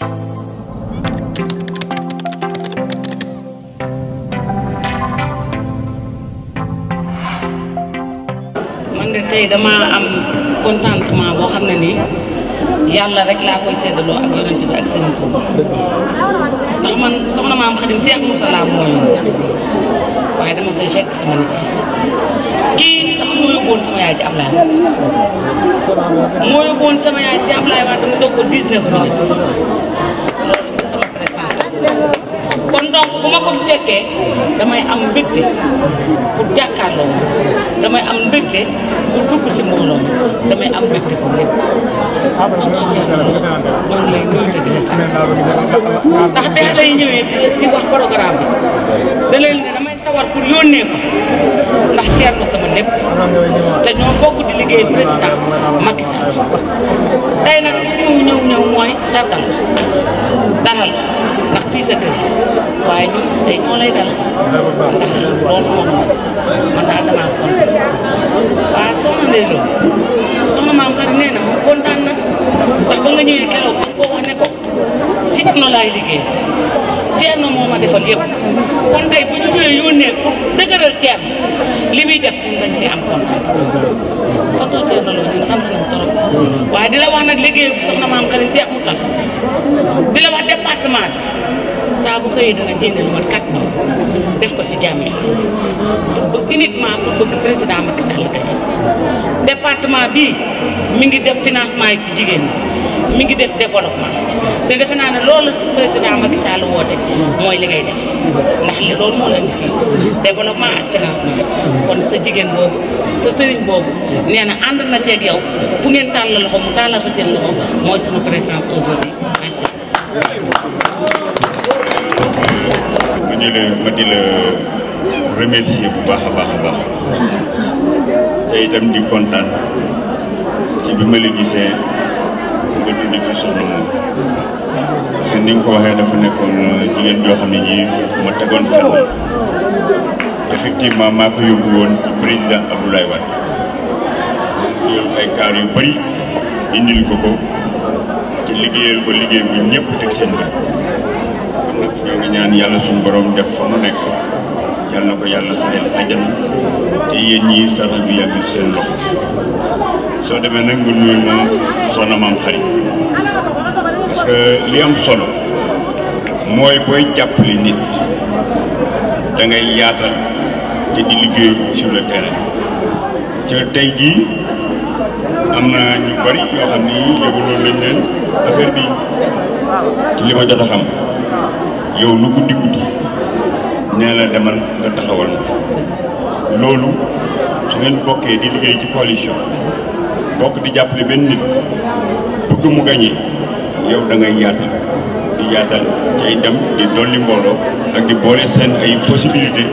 man de tey dama am contentement boo xam ne yàlla rek laa koy séddaloo ak yonent bi ak sëriñ ko man soxna maam xadim Seex Murtala moo ñëw waaye dama fay sama yaay ci Ablaye Wade moo yóbbuwoon sama yaay ci Ablaye Wade dama toog ko 19 minutes bu ma ko fekkee damay am mbégte pour jàkkaarloo damay am mbégte pour dugg si mbooloo damay am mbégte pour lépp damay sawar pour yónnee fa ndax ceer na sama lépp te ñoo bokk di liggéey président Macky tey nag suñu ñëw ñëw mooy sargal daral ndax fii sa kër waaye ñun tey ñoo lay dal moom man daal damaa kontaan waaw soxna Ndeye Lo maam xarit nee na moom kontaan ba nga ñëwee keroog man koo wax ne ko ci Thierno laay liggéey Thierno moo ma defal yëpp kon tey bu ñu ñëwee yónnee pour dëgëral Thierno li muy def ñun dañ ci ñun sant nañ torop waaye di la wax nag liggéey bu maam xarit Cheikh di la wax département saa bu xëyee dana génne lu mat def ko si jàmmee pour uniquement pour bëgg président Macky Sall gañe département bii mi ngi def financement yi ci jigéen ñi mi ngi def développement te defe naa ne loolu la président Macky Sall woote mooy li ngay def ndax loolu moo leen di fii développement ak financement kon sa jigéen boobu sa sëriñ boobu nee na ànd na ceeg yow fu ngeen tàll loxo mu tàllal fa seen loxo mooy sunu présence aujourd'hui merci ma di la ma di la remercier bu baax a baax a baax te itam di kontaan ci bi ma la gisee nga tuddi fi soxna moom parce que ni nga ko waxee dafa nekkoon jigéen joo xam ne ji ma tegoon fenn effectivement maa ko yóbbu woon ci président Abdoulaye Wade yóbbu ay kaar yu bëri indil ko ko ci liggéeyal ko liggéey bu ñëpp teg seen bët ñoo ngi ñaan yàlla suñu boroom def fa nu nekk yàlla na ko yàlla xareel ajam te yéen ñii sarax bi yàgg seen loxo soo demee nag nga nuyul ma soxna xarit parce li am solo mooy booy jàppale nit da ngay yaatal te di liggéey sur le terrain te tey jii am na ñu bari ñoo xam ni yëguloon nañ leen affaire bi ci li ma jot a xam. yow lu guddi guddi neela demal nga taxawal ma loolu su ngeen bokke di liggey ci coalition bok di jappale ben nit bëgg mu gañee yow da ngay yaatal di yaatal cay dem di doli mbolo ak di bolé sen ay possibilité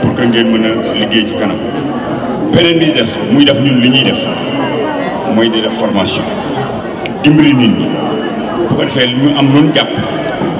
pour que ngeen mëna liggey ci kanam benen bi def muy def ñun li ñuy def moy di def formation dimbali nit ñi bu ko defé ñu am luñu japp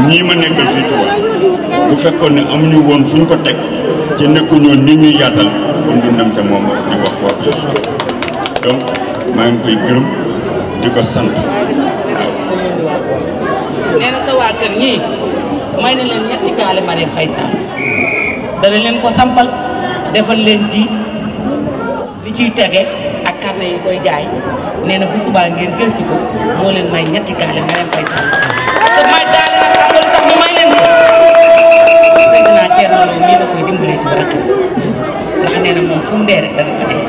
ñii ma nekkal fii Touba bu fekkoon ne amuñu woon fuñ ko teg te nekkuñoon nit ñuy yaatal kon du ndam ca moom di wax ko donc maa ngi koy gërëm di ko sant may na leen ñetti gaale Marième Faye Sall dana leen ko sampal defal leen ci li ciy tege ak ne yi koy jaay nee na bu subaa ngeen jël si ko moo leen may ñetti gaale Marième Faye Sall. loolu lii da koy dimbalee ci barke ndax nee na moom fu mu dee rek dana fa dee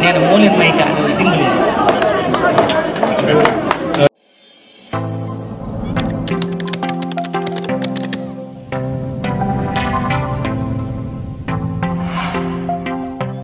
nee na moo leen may kàddu yi dimbali na.